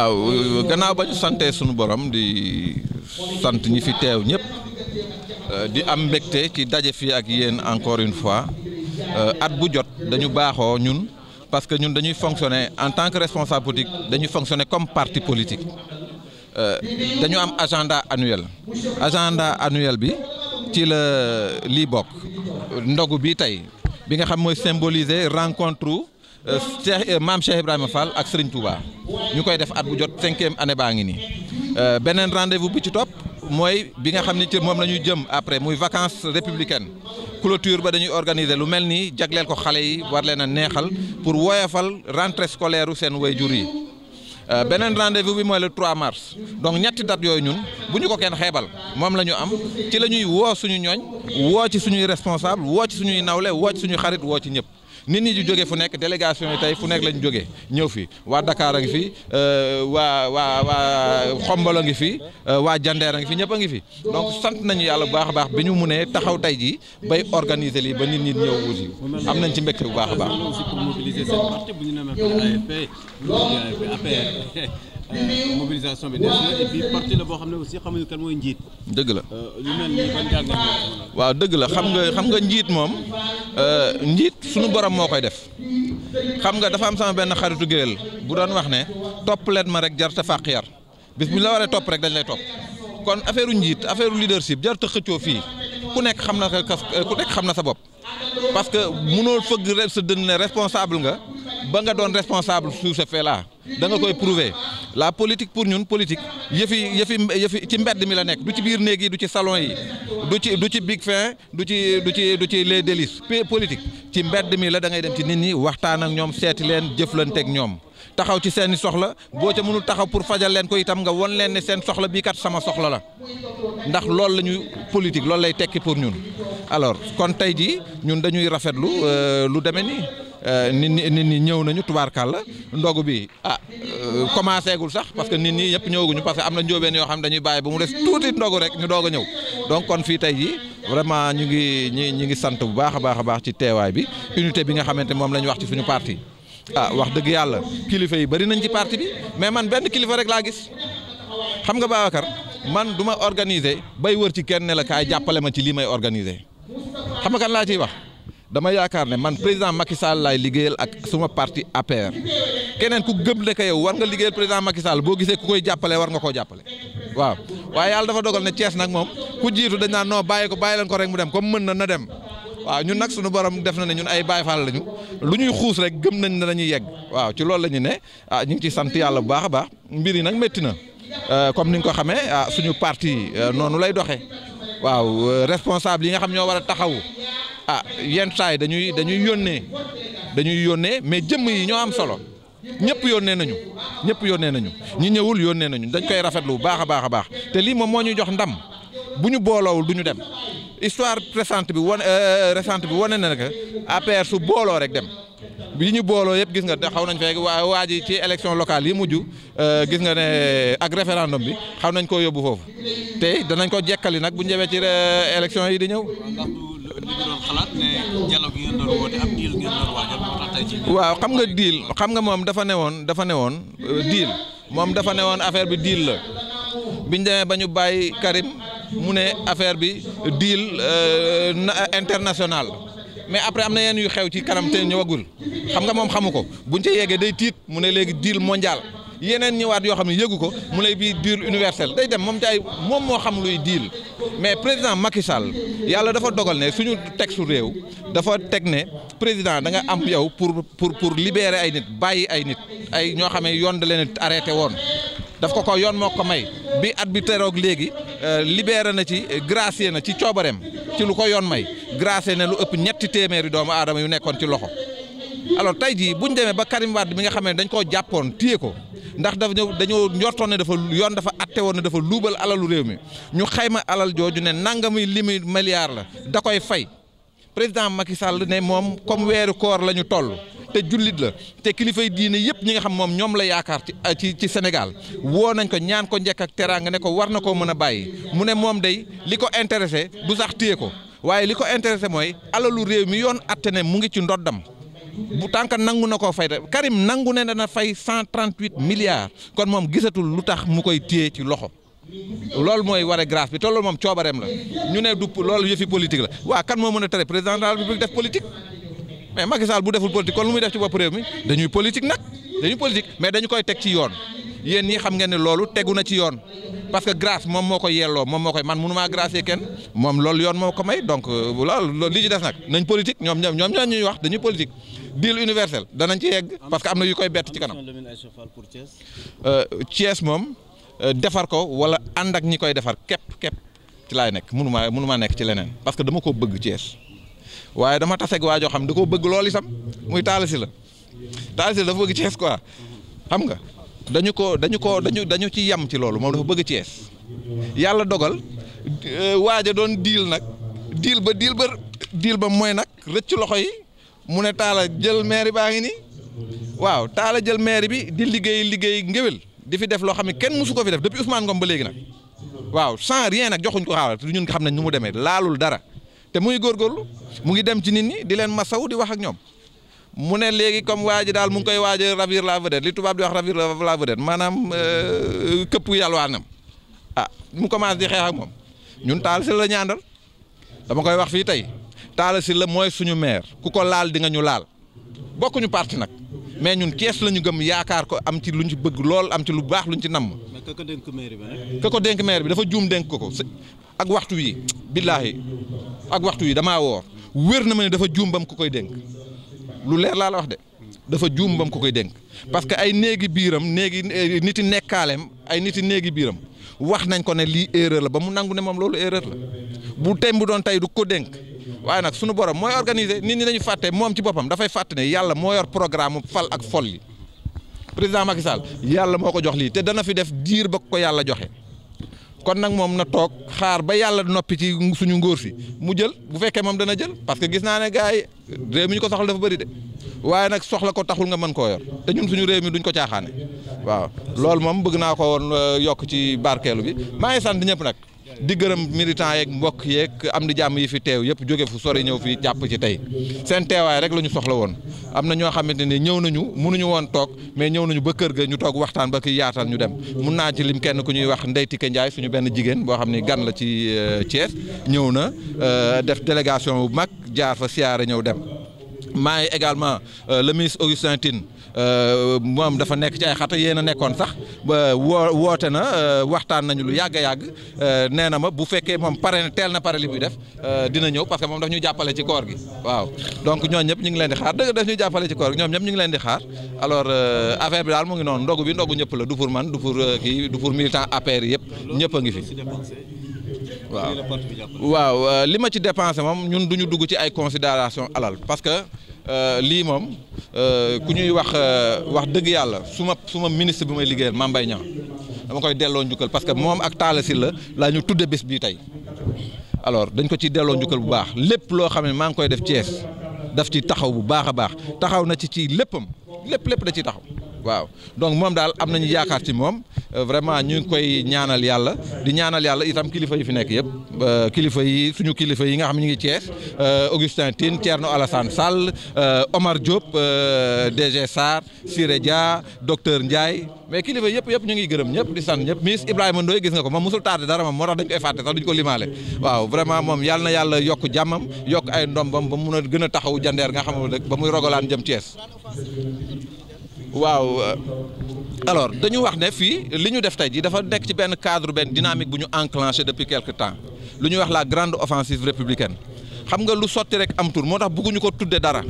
waaw gannaaw ba ñu santee suñu borom di sant ñi fi teew ñëpp euh, di am mbégte ci daje fii ak yéen encore une fois euh, at bu jot dañu baaxoo ñun parce que ñun dañuy fonctionner en tant que responsable politique dañuy fonctionner comme parti politique euh, dañu am agenda annuel agenda annuel bi ci la lii bokk ndogu bi tey bi nga xam mooy symboliser rencontre Euh, Cheikh euh, maam Cheikh Ibrahima Fall ak Serigne Touba ñu koy def at bu jot cinquième année baa ngi nii euh, beneen rendez-vous bi ci topp mooy bi nga xam ni ci moom la ñuy jëm après muy vacance républicaines clôture ba dañuy organiser lu mel nii jagleel ko xale yi war leen a neexal pour woyofal rentrée scolaire seen seen jur yi beneen rendez-vous bi mooy le 3 mars donc ñetti dat yooyu ñun bu ñu ko kenn xeebal moom la ñu am ci la ñuy woo suñu ñooñ woo ci suñuy responsable woo ci suñuy nawle woo ci suñuy woo ci ñëpp nit ñi di jógee fu nekk délégation yi tey fu nekk lañu jóge ñëw fi waa Dakar a ngi fi euh, waa waa waa Xombol a ngi fi euh, waa Jandeer a ngi fi ñëpp a ngi fi donc sant nañu yàlla bu baax a baax bi ñu munee taxaw tey ji bay organiser lii ba nit ñi ñëw wuti am nañ ci mbégte bu baax a baax. Euh, mobilisation bi boo xam ne aussi xamuñu kan mooy njiit. dëgg la euh, waaw dëgg la xam nga xam nga njiit moom euh, njiit suñu borom moo koy def xam nga dafa am sama benn xaritu géwél bu doon wax ne topp leen ma rek jar te fàq yar bis bu ñu la waree topp rek dañ lay topp kon affaire njiit affaire leadership jar te xëccoo fii ku nekk xam na sa ku nekk xam na sa bopp parce que mënoo fëgg sa dënn ne nga. ba nga doon responsable sous ce fait là koy prouver la politique pour ñun politique yëfi yëfi yëfi ci mbedd mi la nekk du ci biir néeg yi du ci salon yi du ci du ci big fin du ci du ci du ci les délices politique ci mbedd mi la dangay dem ci nit ñi waxtaan ak ñoom seeti leen jëflante ak ñoom. taxaw ci seeni soxla boo ca mënul taxaw pour fajal leen ko itam nga won leen ne seen soxla bii kat sama soxla la ndax lool la ñu politique loolu lay tekki pour ñun alors kon tey jii ñun dañuy rafetlu euh, lu demee nii euh, nit ñi nit ñi ñëw nañu tubaarkàlla ndogu bi ah euh, commencé gul sax parce que nit ñi ñëpp ñëwaguñu parce que am na njóobeen yoo xam dañuy bàyyi bu mu des tuuti ndogu rek ñu doog a ñëw donc kon fii tey ji vraiment ñu ngi ñu ngi sant bu baax a baax a baax ci teewaay bi unité bi nga xamante moom la ñu wax ci suñu parti. ah wax dëgg yàlla kilifa yi bari nañ ci parti bi mais man benn kilifa rek laa gis xam nga Babacar man du ma organiser bay wër ci kenn ne la kaay jàppale ma ci lii may organiser xam nga kan laa ciy wax. dama yaakaar ne man président Macky Sall laay liggéeyal ak suma parti APR keneen ku gëm ne que yow war nga liggéeyal président Macky Sall boo gisee ku koy jàppale war nga koo jàppale waaw waaye yàlla dafa dogal ne Thiès nag moom ku jiitu dañ naan non bàyyi ko bàyyi leen ko rek mu dem comme mën na na dem waaw ñun nag suñu borom def na ne ñun ay Baay Faal lañu lu ñuy xuus rek gëm nañ ne dañuy yegg waaw ci loolu la ñu ne ah ñu ngi ciy sant yàlla bu baax a baax mbir yi nag métti na euh, comme ni nga ko xamee ah, suñu parti euh, noonu lay doxee waaw euh, responsable yi nga xam ñoo war a taxaw ah yenn saa yi dañuy dañuy yónnee dañuy yónnee mais jëmm yi ñoo am solo ñëpp yónnee nañu ñëpp yónnee nañu ñi ñëwul yónnee nañu dañ koy rafet lu baax a baax a baax te lii moom moo ñu jox ndam bu ñu booloowul du ñu dem. histoire récente bi wan euh, récente bi wane na que su booloo rek dem bi ñu booloo yëpp gis nga xaw nañ fekk waa waa ji ci élection locale yi mujj euh, gis nga ne ak référendum bi xaw nañ koo yóbbu foofu te danañ ko jekkali nag bu ñu ci euh, élection yi di ñëw. waaw xam nga diil xam nga moom dafa newoon dafa newoon diil moom dafa newoon affaire bi diil la biñ demee ba ñu bàyyi Karim. mu ne affaire bi deal euh, euh, international mais après am na yenn yu xew ci kanam te ñëwagul xam nga moom xamu ko bu buñ ci yeggee day tiit mu ne léegi deal mondial yeneen ñëwaat yoo xam ne yëgu ko mu ne bii deal universel day dem moom ci ay moom moo xam luy diil mais président Macky Sall yàlla dafa dogal ne suñu teg su réew dafa teg ne président da nga am yow pour pour pour libérer ay nit bàyyi ay nit ay ñoo xam ne da leen arrêté woon. daf ko ko yoon moo ko may bi at bi teroog léegi euh, libéré na ci gracié na ci coobareem ci lu ko yoon may gracié na lu ëpp ñetti téeméeri doomu aadama yu nekkoon ci loxo alors tey jii bu ñu demee ba Karim bi nga xam ne dañ koo jàppoon tiye ko ndax dafa ñëw dañoo njortoon ne dafa yoon dafa atte woon ne dafa luubal alalu réew mi ñu xayma alal jooju ne nangami limi milliard la da koy fay président Macky Sall ne moom comme weeru koor la ñu toll te jullit la te kilifay diine yëpp ñi nga xam moom ñoom la yaakaar ci ci Sénégal woo nañ ko ñaan ko njekk ak teraanga ne ko war na koo mën a bàyyi mu ne moom day li ko intéressé du sax téye ko waaye li ko intéressé mooy alalu réew mi yoon atte ne mu ngi ci ndoddam bu tànk nangu na koo fay de Karim nangu ne dana fay cent trente-huit milliards kon moom gisatul lu tax mu koy téye ci loxo loolu mooy waree grâce bi te loolu moom coobareem la ñu ne du lool yëfi politique la waa kan moo mën a tere président de la république def mais Macky bu deful politique kon lu muy def ci bopp réew mi dañuy politique nag dañuy politique mais dañu koy teg ci yoon yéen ñii xam nga ne loolu tegu na ci yoon parce que grâce moom moo koy yelloo moom moo koy man mënu maa gracier kenn moom lool yoon moo ko may donc euh, loolu li ci des nag nañ politique ñoom ñoom ñoom ñuy wax dañuy politique deal universel danañ ci yegg parce que am na yu koy bett ci kanam euh, Thiès moom euh, defar ko wala ànd ak ñi koy defar képp képp ci laay nekk mënu maa mënu ci leneen parce que dama ko bëgg Thiès waaye dama taseeg waa joo xam da koo bëgg lool itam muy Talla Sylla Talla Sylla dafa bëgg Thiès quoi xam nga dañu ko dañu ko dañu dañu ci yam ci loolu moom dafa bëgg Thiès yàlla dogal euh, waaja doon diil nag diil ba diil ba diil ba mooy nag rëcc loxo yi mu ne Talla jël mairie baa ngi nii waaw Talla jël mairie bi di liggéey liggéey ngéwél di fi def loo xam ne kenn musu ko fi def depuis Ousmane Ngom ba léegi nag waaw sans nag joxuñ ko xaaral ñun xam nañ nu mu demee laalul dara te muy góor góorlu mu ngi dem ci nit ñi di leen masaw di wax ak ñoom mu ne léegi comme waa ji daal mu ngi koy waaj a laa la vedette li tubaab di wax ravir la vedette maanaam euh, këpp yàlwaanam ah mu commencé di xeex ak moom ñun taal si la ñaandal dama koy wax fii tey taal si la mooy suñu maire ku ko laal di nga ñu laal bokkuñu parti nag mais ñun kees la ñu gëm yaakaar ko am ci luñ ci bëgg lool am ci lu baax luñ ci namm. mais ka ko dénk maire bi ko dénk maire bi dafa juum dénk ko ko ak waxtu wi billaahi ak waxtu yi damaa woor wér na ma ne dafa jumbam bam ku koy dénk lu leer laa la wax de dafa juum ku koy dénk parce que ay néegi biiram néegi yi eh, nekkaaleem ay nit yi néegi biiram wax nañ ko ne lii erreur la ba mu nangu ne moom loolu erreur la bu tey bu doon tey du ko dénk waaye nag sunu borom mooy organiser nit ñi dañu fàtte moom ci boppam dafay fàtte ne yàlla moo yor programme fal ak fol yi président Macky Sall yàlla moo ko jox lii te dana fi def diir ba ko yàlla joxe. kon nag moom na toog xaar ba yàlla noppi ci suñu ngóor si mu jël bu fekkee moom dana jël parce que gis naa ne gars yi réew mi ñu ko soxla dafa bëri de waaye nag soxla ko taxul nga mën koo yor te ñun suñu réew mi duñ ko caaxaane waaw loolu moom bëgg naa ko woon euh, yokk ci barkeelu bi maa ngi sant ñëpp nag. di gërëm militant yeeg mbokk yeeg am di jàmm yi fi teew yëpp jóge fu sore ñëw fii jàpp ci tey seen teewaay rek la ñu soxla woon am na ñoo xamante ne ñëw nañu mënuñu woon toog mais ñëw nañu ba kër ga ñu toog waxtaan ba ki yaatal ñu dem mun naa ci lim kenn ku ñuy wax Ndeye Tike Ndiaye suñu benn jigéen boo xam ne gan la ci euh, Thiès ñëw na euh, def délégation bu mag jaar fa siyaare ñëw dem maay également euh, le ministre Augustin Tine Euh, moom dafa nekk ci ay xata yéen a nekkoon sax ba woo woote na euh, waxtaan nañu lu yàgg a yàgg euh, nee na ma bu fekkee moom pare teel na pare li muy def dina ñëw parce que moom daf ñu jàppale ci koor gi waaw donc ñoo ñëpp ñu ngi leen di xaar dëgg daf ñu jàppale ci koor gi ñoom ñëpp ñu ngi leen di xaar alors affaire bi daal mu ngi noonu ndogu bi ndogu ñëpp la du pour man du pour kii du pour militant APR yëpp ñëpp a ngi fi waaw waaw li ma ci dépensé moom ñun duñu dugg ci ay considération alal parce que Euh, lii moom euh, ku ñuy wax euh, wax dëgg yàlla su ma su ma ministre bi may liggéeyal Mame Mbaye Niang dama koy delloo njukkal parce que moom ak Talla la laa ñu tudde bis bii tey alors dañ ko ci delloo njukkal bu baax lépp loo xam ne maa ngi koy def Thiès daf ci taxaw bu baax a baax taxaw na ci ci léppam lépp lépp da ciy taxaw waaw donc moom daal am nañu yaakaar ci moom euh, vraiment ñu ngi koy ñaanal yàlla di ñaanal yàlla itam kilifa yi fi nekk yëpp euh, kilifa yi suñu kilifa yi nga xam ñu ngi Thiès euh, Augustin Tine Thierno Alassane Sall Omar Diop DG Sarr Siré Dia docteur Ndiaye mais kilifa yëpp yëpp ñu ngi gërëm ñëpp di san ñëpp ministre Ibrahima Ndoye gis nga ko moom musul tardé dara moom moo tax dañ koy fàtte sax duñ ko limaale waaw vraiment moom yàlla na yàlla yokk jàmmam yokk ay ndombam ba mun a gën a taxaw jandeer nga xam ne ba muy rogalaan jëm Thiès waaw euh, alors dañu wax ne fii li ñu def tey jii dafa nekk ci benn cadre benn dynamique bu ñu enclenché depuis quelque temps lu ñu wax la grande offensive républicaine xam nga lu sotti rek am tur moo tax bëgguñu ko tuddee dara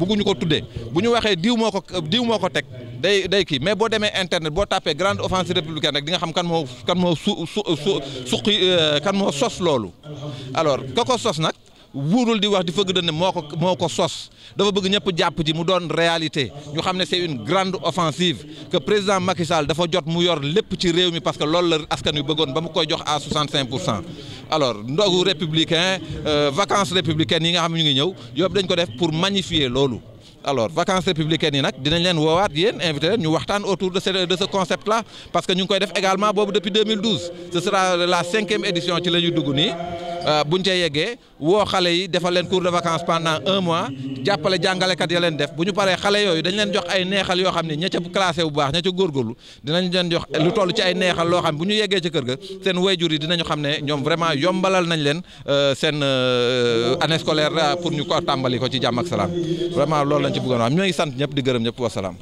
bëgguñu ko tuddee bu ñu waxee diw moo ko diw moo ko teg day day kii mais boo demee internet boo tapé grande offensive républicaine rek di xam kan moo kan moo su su su suqi euh, kan moo sos loolu alors ka ko sos nag. wuurul di wax di fëgg dënn moo ko moo ko sos dafa bëgg ñëpp jàpp ci mu doon réalité ñu xam ne c'est une grande offensive que président Macky Sall dafa jot mu yor lépp ci réew mi parce que loolu la askan wi bëggoon ba mu koy jox à 65 pour cent alors ndogu républicain euh, vacances républicaines yi nga xam ne ñu ngi ñëw yóbbu dañ ko def pour magnifier loolu. alors vacances républicaines yi nag dinañ leen woowaat yéen invité ñu waxtaan autour de ce de ce concept là parce que ñu ngi koy de également boobu depuis 2012 ce sera la cinquième édition ci la ñu dugg nii. bu euh, buñ ca yeggee woo xale yi defal leen cours de vacances pendant un mois jàppale jàngalekat ya leen def bu ñu paree xale yooyu dañ leen jox ay neexal yoo xam ne ña ca classé bu baax ña ca góorgóorlu dinañ leen jox lu toll ci ay neexal loo xam ne bu ñu yeggee ci kër ga seen wayjur yi dinañu xam ne ñoom vraiment yombalal nañ leen euh, seen euh, année scolaire pour ñu ko tàmbali ko ci jàmm ak salaam vraiment loolu lañ ci bëggoon wax ñooy sant ñëpp di gërëm ñëpp wasalaam